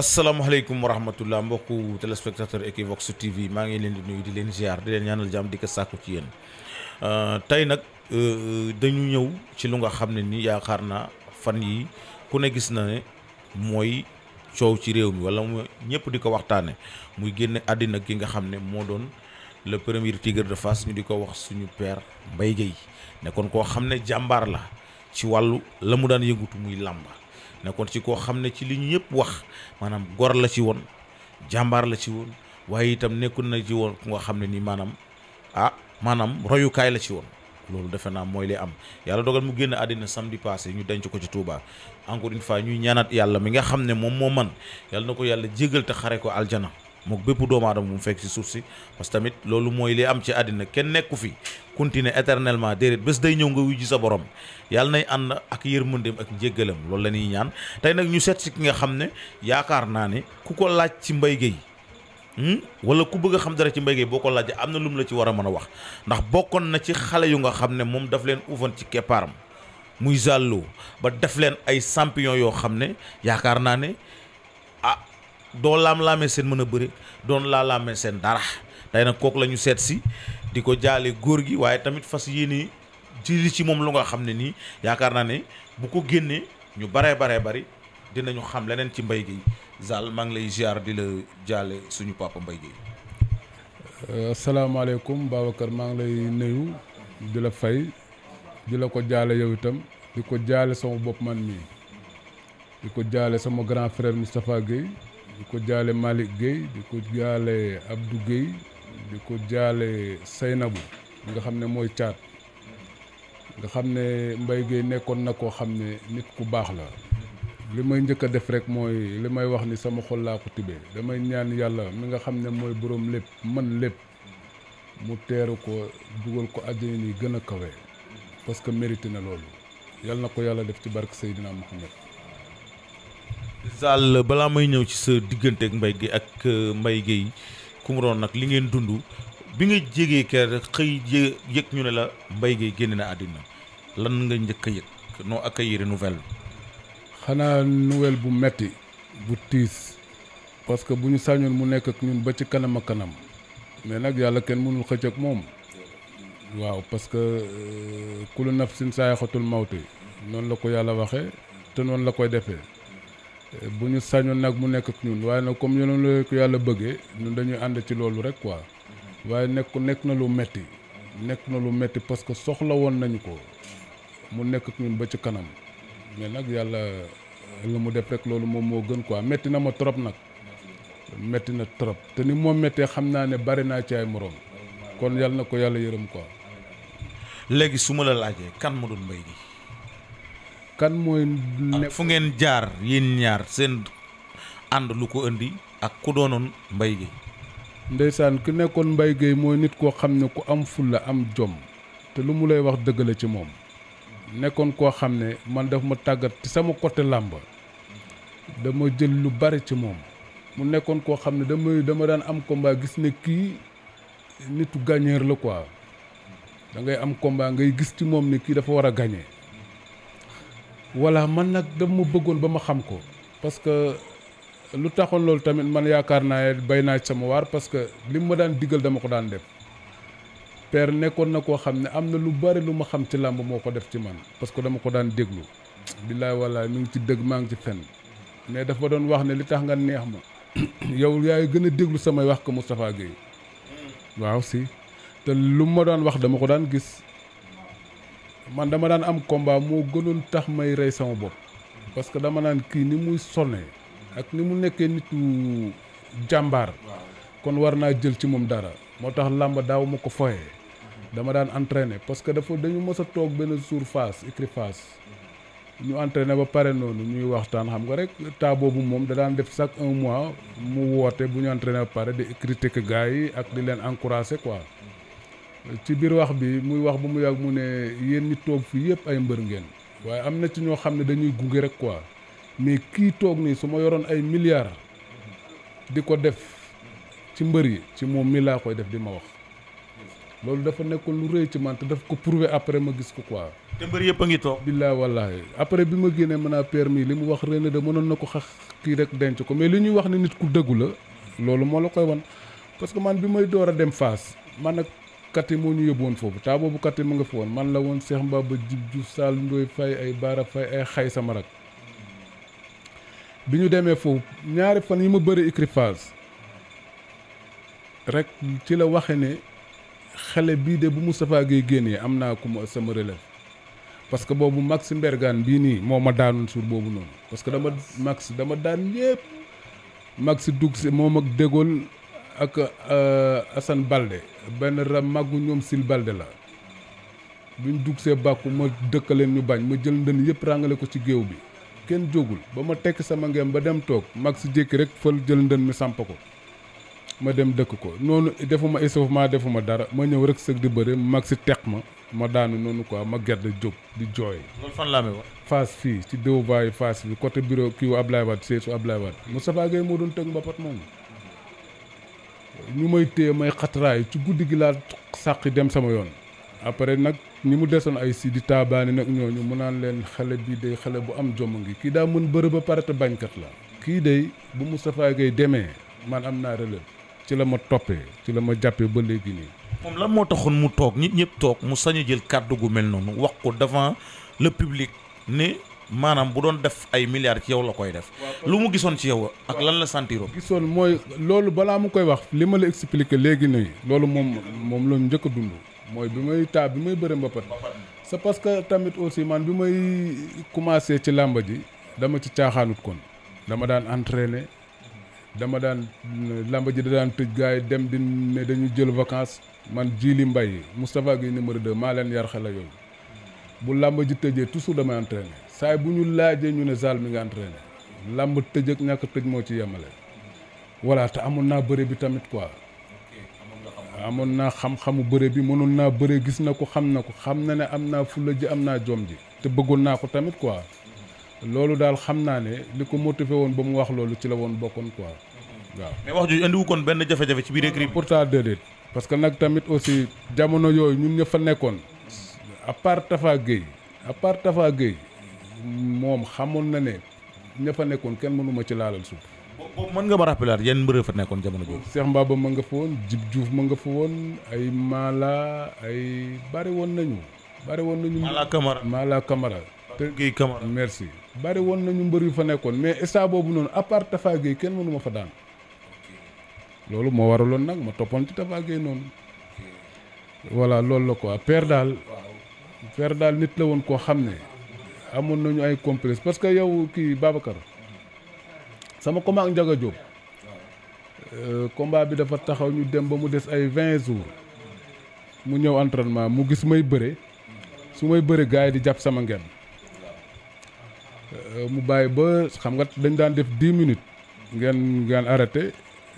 asalaamaaleykum wa rahmatullah mbokku téléspectateur Equivox TV maa ngi leen di nuyu di leen ziar di leen ñaanal jàmm di ko sàkku ci yéen euh, tey nag euh, dañu ñëw ci lu nga xam ne ni yaakaar naa fan yi ku ne gis na ne mooy coow ci réew mi wala ñëpp di ko waxtaane muy génne àddina ki nga xam ne moo doon le première tigre de Fass ñu di ko wax suñu mbay Mbaye ne kon koo xam ne jàmbaar la ci wàllu la mu daan yëngutu muy làmba nekkoon ci koo xam ne ci li ñu ñëpp wax maanaam gor la ci woon jàmbaar la ci woon waaye itam nekkul na ci woon ku nga xam ne nii maanaam ah maanaam royukaay la ci woon loolu defe naa mooy li am yàlla dogal mu génn àddina samedi passé ñu denc ko ci tuubaa encore une fois ñuy ñaanat yàlla mi nga xam ne moom moo man yàlla na ko yàlla jégal te xare ko aljana mook bépp doomu aadama mu fekk ci suuf si parce que tamit loolu mooy li am ci àddina kenn nekku fi continuer éternellement déedéet bés day ñëw nga wujji sa borom yàlla nay ànd ak yërmandeem ak njéggalam loolu la ñuy ñaan tey nag ñu seet si ki nga xam ne yaakaar naa ne ku ko laaj ci Mbaye Gueye hmm? wala ku bëgg a xam dara ci Mbaye Gueye boo ko laajee am na lu la ci war a mën a wax ndax bokkoon na ci xale yu nga xam ne moom daf leen uufan ci keppaaram muy zàlloo ba def leen ay champion yoo xam ne yaakaar naa ne doo laam-laamee seen mën a bëri doon laa laamee seen dara tey na kook la ñu seet si di ko jaale góor gi waaye tamit fas yii yéene jëli ci moom lu nga xam ne nii yaakaar naa ne bu ko génnee ñu baree baree bari dinañu xam leneen ci mbay Gueye Zal maa lay ziar di la jaale suñu papa Mbaye Gueye. Euh, asalaamaaleykum Babacar maa ngi lay nuyu di la fay di la ko jaale yow itam di ko jaale sama bopp man mii di ko jaale sama grand frère Moustapha Gueye. di ko jaale Malick Gueye di ko jaale Abdou Gueye di ko jaale Seynabou nga xam ne mooy caat nga xam ne mbay Gueye nekkoon na koo xam ne nit ku baax la li may njëkk a def rek mooy li may wax ni sama xol laa ko tibe damay ñaan yàlla mi nga xam ne mooy boroom lépp man lépp mu teeru ko dugal ko àjjana ni gën a kawe parce que mérité na loolu yàlla na ko yàlla def ci bark barke Seydina Muhammad Sall balaa may ñëw ci sa diggante ak Mbaye Gueye ak euh, Mbaye Gueye Koumron nag li ngeen dund bi nga jégee kër xëy yëg ñu ne la mbay Gueye génne na àddina lan nga njëkk a yëg noo accueillir nouvelle xanaa nouvelle bu metti bu tiis parce que bu ñu sañoon mu nekk ak ñun ba ci kanam a kanam mais nag yàlla kenn mënul xëcc ak moom waaw parce que euh, kullu nafsin saayaxatul mawti noonu la ko yàlla waxe te noonu la koy defee bu ñu sañoon nag mu nekk ci ñun waaye nag comme ñu la ko yàlla bëggee ñun dañuy ànd ci loolu rek quoi waaye nekk nekk na lu metti nekk na lu metti parce que soxla woon nañu ko mu nekk ak ñun ba ci kanam mais nag yàlla lu mu def rek loolu moom moo gën quoi metti na ma trop nag metti na trop te ni moom mettee xam naa ne bari naa ci ay morom kon yàlla na ko yàlla yërëm quoi. léegi su ma la laajee kan moo doon mbay gi kan mooy. Ah, ne fu ngeen jaar yéen ñaar seen ànd lu ko indi ak ku doonoon mbay Gueye. ndeysaan ki nekkoon mbay Gueye mooy nit koo xam ne ku am fulla am jomm te lu mu lay wax dëgg ci moom nekkoon koo xam ne man daf ma tàggat ci sama côté làmb dama jël lu bari ci moom mu nekkoon koo xam ne damay dama daan am combat gis ne kii nitu gagner la quoi da ngay am combat ngay gis ci moom ne kii dafa war a gagner voilà man nag dama ma bëggoon ba ma xam ko parce que lu taxoon loolu tamit man yaakaar naa bay naa ci sama waar parce que li mu ma daan digal dama ko daan def père nekkoon na koo xam ne am na lu bari lu ma xam ci làmb moo ko def ci man parce que dama ko daan déglu billaay wallaay mi ngi ci dëgg maa ngi ci fen mais dafa doon wax ne li tax nga neex ma yow yaay gën a déglu samay wax ko Moustapha Gueye mm. waaw si te lu ma daan wax dama ko daan gis man dama daan am combat moo gënoon tax may rey sama bopp parce que dama naan kii ni muy sonne ak ni mu nekkee nit nitu jàmbaar kon war naa jël ci moom dara moo tax làmb daaw ma ko foye dama daan entraîner parce que dafa dañu mës a toog benn jour face écrit ñu entraîner ba pare noonu ñuy waxtaan xam nga rek temps bu moom da daan def chaque un mois mu woote bu ñu entraîner ba pare di critiquer gars yi ak di leen encourager quoi ci biir wax bi muy wax ba mu yàgg mu ne yéen ñi toog fii yëpp ay mbër ngeen waaye am na ci ñoo xam ne dañuy gunge rek quoi mais kii toog nii su ma yoroon ay milliards di ko def ci mbër yi ci moom mi laa koy def di ma wax loolu dafa nekkoon lu rëy ci man te daf ko prouver après ma gis ko ko te mbër yëpp ngi toog. billaa wallaahi après bi ma génnee mën a permis li mu wax René de mënoon na ko xax kii rek denc ko mais li ñuy wax ne nit ku dëggu la loolu moo la koy wan parce que man bi may door a dem Fass man nag katte moo ñu yóbbu woon foofu taa boobu katte mu nga fi woon man la woon Cheikh Mbaba Djib Diouf Sall Ndoye Faye ay Baara Faye ay xay sama rak bi ñu demee foofu ñaari fan yi ma bëri écriphage rek ci la waxe ne xale bii de bu Moustapha Gueye génnee am naa ku ma sama relève parce que boobu Max Mbergane bii nii moo ma daanoon suur boobu noonu parce que dama Max dama daan ñépp Max dugg si moom ak dégool ak euh, Assane Balde benn rab màggu ñoom sil Balde la buñ dugg see bàkku ma dëkkaleen ñu bañ ma jël ndën yëpp ràngale ko ci géew bi kenn jógul ba ma tekk sama ngem ba dem toog mag si jékki rek fël jël ndën mi samp ko ma dem dëkk ko noonu defuma échauffement defuma dara ma ñëw rek sëg di bëre mag si teq ma ma daanu noonu quoi ma gerde jóg di jooy. loolu fan laa amee wax. Fass fii ci déwénu Fass bi côté bureau kii wu Ablaye Wade seesu Ablaye Wade Moustapha Gueye moo doon tëgg mbapat moom. ñu may téye may xatraay ci guddi gi laa sàqi dem sama yoon après nag ñi mu desoon ay si di taabaani nag ñooñu mu naan leen xale bi day xale bu am jomm ngi kii daa mën bërëb ba pare te bañkat la kii dey bu mu safaagee demee man am naa relève ci la ma toppee ci la ma jàppee ba léegi nii moom lan moo taxoon mu toog nit ñëpp toog mu sañ a jël kàddu gu mel noonu wax ko devant le public ne maanaam bu doon def ay milliards ci yow la koy def lu mu gisoon ci yow ak lan la sentiroon gisoon mooy loolu balaa mu koy wax li ma la expliqué léegi nii loolu moom moom la njëkk a dund mooy bi may taa bi may bëre mbapat c'est parce que tamit aussi man bi may commencé ci làmba ji dama ci caaxaanut kon dama daan entraîner dama daan làmba ji da daan tëj gars yi dem di ne dañu jël vacances man Djily Mbaye Moustapha Guèye numéro 2 maa leen yar xale yooyu bu làmba ji tëjee toujours damay entraîner saay bu ñu laajee ñu ne Zal mi nga entraîné làmb tëj ak ñàkk tëj moo ci yemale voilà te amoon naa bëre bi tamit quoi amoon naa xam-xamu bëre bi mënul naa bëre gis na ko xam na ko xam na ne am naa fulla ji am naa joom ji te bëggoon naa ko tamit quoi loolu daal xam naa ne li ko motivé woon ba mu wax loolu ci la woon bokkoon quoi waaw mais wax ju indiwu kon benn jafe-jafe ci biir écrit pourtant déedéet parce que nag tamit aussi jamono yooyu ñu ñëpp fa nekkoon à part Tafa Gueye à moom xamoon na ne ña fa nekkoon kenn mënuma ci laalal suuf. boobu mën nga ma rappelaat yan mbër fa nekkoon jamono jooju. Cheikh Mbaba ma nga fa woon Jib Diouf ma nga fa woon ay Mala ay bari woon nañu. bari woon nañu Mala Camara Mala Camara. te Guèye Camara merci. bari woon nañu mbër yu fa nekkoon mais instant boobu noonu à part kenn mënu ma fa daan. loolu moo waraloon nag ma toppoon ci Tafa Guèye noonu. voilà loolu la quoi père daal. père daal nit woon koo xam ne. amoon nañu ay complexe parce que yow kii Babacar sama combat ak Ndiaga Diop euh, combat bi dafa taxaw ñu dem ba mu des ay vingt jours mu ñëw entraînement mu gis may bëre su may bëre gars yi di jàpp sama ngeen euh, mu bàyyi ba xam nga dañ daan def dix minutes ngeen ngeen arrêté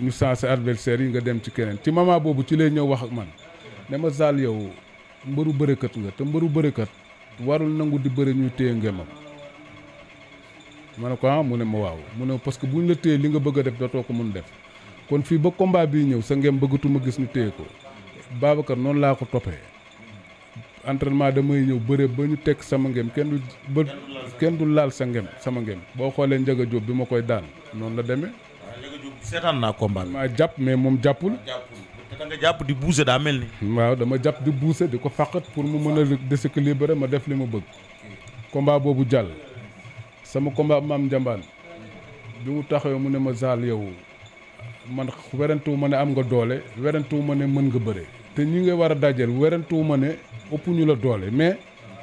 ñu sensé adversaire yi nga dem ci keneen ci moment boobu ci lay ñëw wax ak man ne ma Zal yow mbëru bërëkat nga te mbëru bërëkat warul nangu di bëri ñuy téye ngémam ma ne ko ah mu ne ma waaw mu ne parce que buñ la téye li nga bëgg a def dootoo ko mun def kon fii ba combat bii ñëw sa ngem bëggatuma gis ñu téye ko Babacar noonu laa ko toppe toppee entraînement damay ñëw bëre ba ñu teg sama ngem kenn du ba kenn du laal sa ngem sama ngem boo xoolee Ndiaga Diop bi ma koy daan noonu la demee. seetaan naa combat maa jàpp mais moom jàppul. da jàpp di buuse daa mel ni. waaw dama jàpp di buuse di ko fàqat pour mu mën a déséquilibré ma def li ma bëgg. combat boobu jàll. sama combat maam Njambaan. bi mu taxawee mu ne ma zaal yow man werantuwu ma ne am nga doole werantuwu ma ne mën nga bëre. te ñi nga war a dajeel werantuwu ma ne ëpp ñu la doole mais.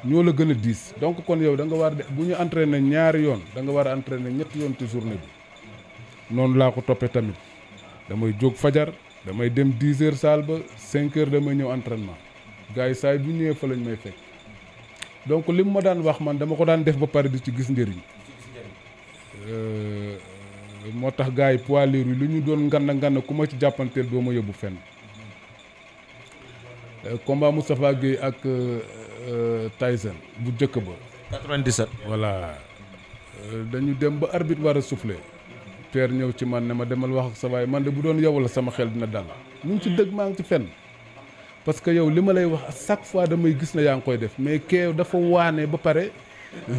ñoo la gën a diis donc kon yow da nga war de bu ñu entraîné ñaari yoon da nga war a entraîné ñetti yoon ci journée bi noonu laa ko toppee tamit damay jóg fajar damay dem dix heures salle ba cinq heures damay ñëw entraitement gars yi saa yi bu ñëwee fa lañ may fekk donc li mu ma daan wax man dama ko daan def ba pare di ci gis njëriñ euh, moo tax gars yi poids lourds lu ñu doon nganda nganda ku ma ci jàppanteel doo ma yóbbu fenn euh, combat Moustapha Guèye ak euh, Tyson bu njëkk ba 97 voilà dañu dem ba arbitre war a souffler Pierre ñëw ci man ne ma demal wax ak sa waay man de bu doon yow la sama xel dina dal mu ngi ci dëgg maa ngi ci fenn parce que yow li ma lay wax à chaque fois damay gis na yaa ngi koy def mais keew dafa waane ba pare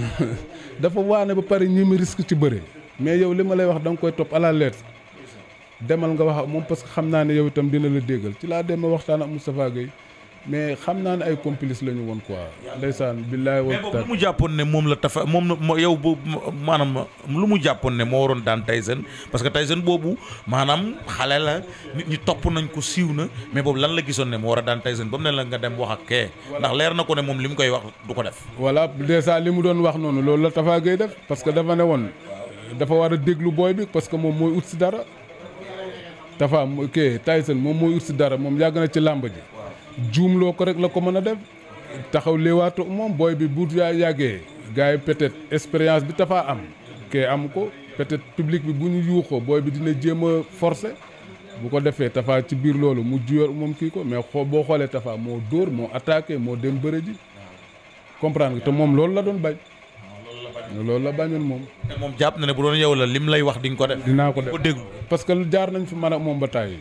dafa waane ba pare ñii mi risque ci bëre mais yow li ma lay wax da nga koy topp à la lettre demal nga wax ak moom parce que xam naa ne yow itam dina la déggal ci laa dem ma waxtaan ak Moustapha yi mais xam naa ne ay complice la ñu woon quoi. ndeysaan billaay wa mais lu mu jàppoon ne moom la tafa moom yow bu maanaam lu mu jàppoon ne moo waroon daan Tyson parce que Tyson boobu maanaam xale la nit ñi topp nañ ko siiw na mais boobu lan la gisoon ne moo war a daan Tyson ba mu ne la nga dem wax ak kee. ndax leer na ko ne moom li mu koy wax du ko def. voilà dèjà li mu doon wax noonu loolu la Tafa Gueye def parce que dafa ne woon dafa war a déglu booy bi parce que moom mooy ut si dara Tafa ok Tyson moom mooy si dara moom yàgg na ci làmb ji. juumloo ko rek la ko mën a def taxaw léewaatu moom booy bi bu yaa yàggee gars yi peut-être expérience bi tafaa am kee am ko peut-être public bi bu ñu yuuxoo booy bi dina jéem a forcer bu ko defee tafaa ci biir loolu mu juyoor moom kii ko mais xoo boo xoolee tafaa moo dóor moo attaqué moo dem bëre ji comprendre nga te moom loolu la doon bañ loolu la bañoon moom. te moom jàpp na ne bu doon yow la lim lay wax di nga ko def. dinaa ko def ko dégg parce que jaar nañ fi man moom ba tàyyi.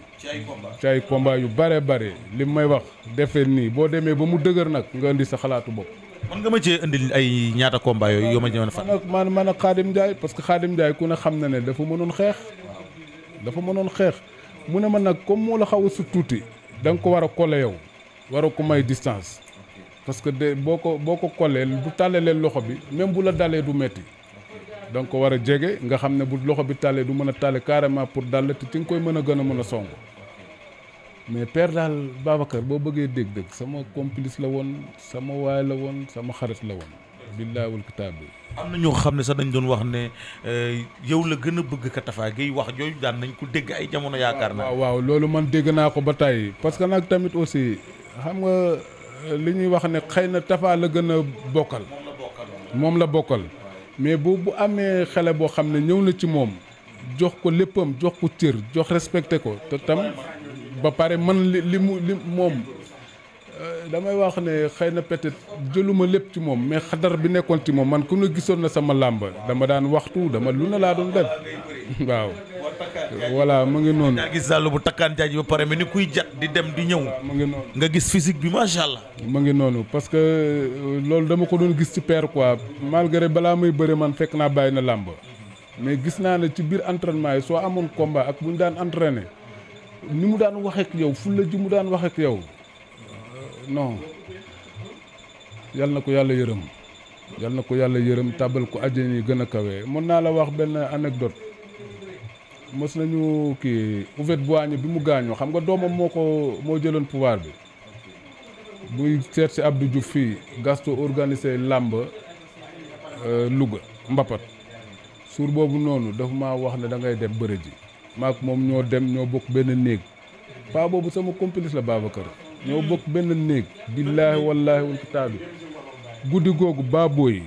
ci ay combat yu bare bare lim may wax defee nii boo demee ba mu dëgër nag nga indi sa xalaatu bopp. mën nga ma cee indil ay ñaata combat yooyu yoo ma ñëwoon fan. man man ak Khadim Ndiaye parce que Khadim Ndiaye ku ne xam na ne dafa mënoon xeex. dafa mënoon xeex mu ne ma nag comme moo la xaw a su tuuti danga ko war a kole yow war a ko may distance. parce que de boo ko boo ko collee bu leen loxo bi même bu la dalee du metti donc ko war a jege nga xam ne bu loxo bi tàllee du mën a tàlle carrément pour dàll te ci nga koy mën a gën a mën a song mais per daal Babacar boo bëggee dégg-dëgg sama complice la woon sama waay la woon sama xarit la woon billaay wal kitaab bi am na ñoo xam ne sax dañu doon wax ne euh, yow la gën a bëgg ka tafaa gi wax jooju daan nañ ko dégg ay jamono yaakaar naa waa loolu man dégg naa ko ba tàyyi parce que nag tamit aussi xam li ñuy wax ne xëy na Tapha la gën a bokkal moom la bokkal mais bu amee xale boo xam ne ñëw na ci moom jox ko léppam jox ko cër jox respecté ko te tam ba pare man li li mu li moom euh, damay wax ne xëy na peut-être jëluma lépp ci moom mais xadar bi nekkoon ci moom man ku ne gisoon na sama làmb dama daan waxtu dama lu na laa doon def waaw voilà mu ngi noonu. gis sàll bu takkaan jaaj ba pare mais ni kuy jat di dem di ñëw. mu ngi noonu nga gis physique bi macha allah. mu ngi noonu parce que euh, loolu dama ko doon gis ci père quoi malgré balaa muy bëri man fekk naa bàyyi na làmb mais gis naa ne ci biir entraînement yi soo amoon komba ak bu ñu daan entraîné ni mu daan waxee ak yow fulla ji mu daan waxee ak yow euh, non yàlla na ko yàlla yërëm. yal na ko yàlla yërëm tàbbal ko àjjana yi gën a kawe mën naa la wax benn anecdote mës nañu kii bu Boigny bi mu gaañoo xam nga doomam moo ko moo jëloon pouvoir bi buy seet si Abdou Diouf fii Gaston organisé làmb euh, Louga Mbapat suur boobu noonu dafa ma wax ne da ngay dem bëre ji maak moom ñoo dem ñoo bokk benn néeg paa boobu sama complice la Babacar ñoo bokk benn néeg billaahi wallaahi wal kitaabi guddi googu baaboo yi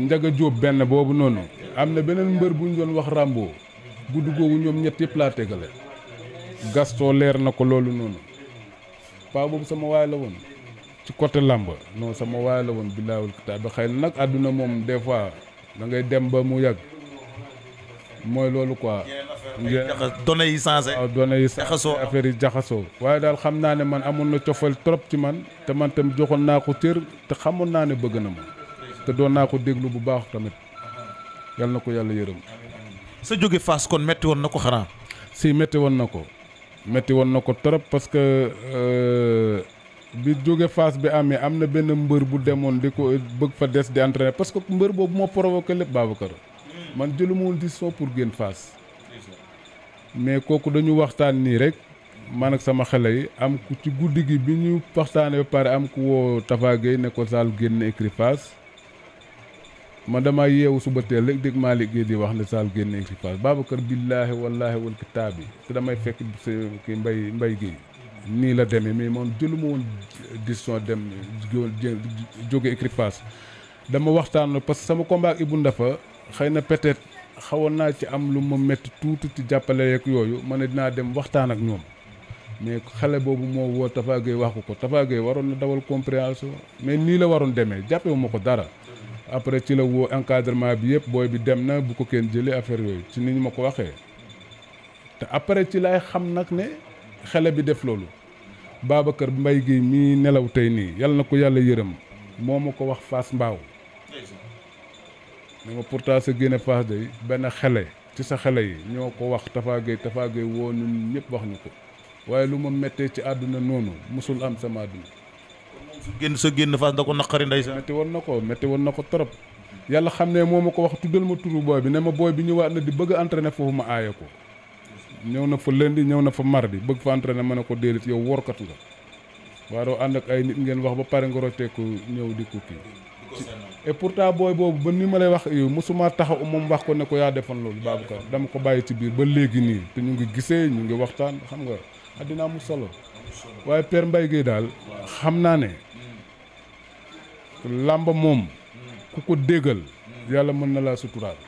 njaga jóob benn boobu noonu am na beneen mbër bu ñu doon wax Rambo guddi googu ñoom ñett yëpp laa tegale Gaston leer na ko loolu noonu paa boobu sama waay la woon ci côté làmb non sama waay la woon billaawul kitaab xëy na nag àdduna moom des fois da ngay dem ba mu yàgg mooy loolu quoi. données yi changé. waaw yi jaxasoo affaire yi jaxasoo. waaye daal xam naa ne man amoon na cofeel trop ci man te man tam joxoon naa ko cër te xamoon naa ne bëgg na ma. te doon naa ko déglu bu baax tamit yal na ko yàlla yërëm. sa jóge Fass kon metti woon na ko xanaa. si metti woon na ko metti woon na ko trop parce que euh, bi jóge Fass bi amee am na benn mbër bu demoon di ko bëgg fa des di entraîner parce que mbër boobu moo provoqué lépp Babacar hmm. man jëluma woon décision pour génn Fass mais kooku dañu waxtaan nii rek man ak sama xale yi am ku ci guddi gi bi ñu waxtaanee ba pare am ku woo Tafa ne ko saal génn écurie man damaa yeewu suba teel rek dégg maa Guèye di wax ne Sall génne équipage Babacar billaahi wallaahi wal kitaabi te damay fekk ki mbay mbay Guèye nii la demee mais moom jëluma woon di soo dem jóge équipage dama waxtaan parce que sama combat ak Ibou Ndafa xëy na peut-être xawoon naa ci am lu ma métti tuuti ci jàppale yeeg yooyu ma ne dinaa dem waxtaan ak ñoom mais xale boobu moo woo Tafa Gueye wax ko ko Tafa Gueye waroon na dawal compréhension mais nii la waroon demee jàppewu ma ko dara après ci la woo encadrement bi yëpp booy bi dem na bu ko kenn jëlee affaire yooyu ci ni ñu ma ko waxee te après ci lay xam nag ne xele bi def loolu kër mbay gi mii nelaw tey nii yal na ko yàlla yërëm moo ma ko wax Fass Mbaaw ne ma pourtant sa génne Fass day benn xele ci sa xele yi ñoo ko wax Tafa Gueye Tafa woo ñun ñëpp wax ñu ko waaye lu ma méttee ci àdduna noonu mosul am sama àdduna génn sa génn Fass da ko naqari ndeysaan métti woon na ko métti woon na ko trop yàlla xam ne moo ma ko wax tuddal ma turu booy bi ne ma booy bi ñëwaat na di bëgg a entraîné foofu ma aaye ko ñëw na fa lundi ñëw na fa mardi bëgg fa entraîné ma ne ko déedéet yow workat nga waa doo ànd ak ay nit ngeen wax ba pare nga rocceeku ñëw di ko kii et booy boobu ba ni ma lay wax yow mosuma taxaw moom wax ko ne ko yaa defoon loolu Babacar dama ko bàyyi ci biir ba léegi nii te ñu ngi gisee ñu ngi waxtaan xam nga àddina mu solo waaye Père Mbaye Guèye daal xam naa ne làmb moom ku ko déggal yàlla mën na laa suturaal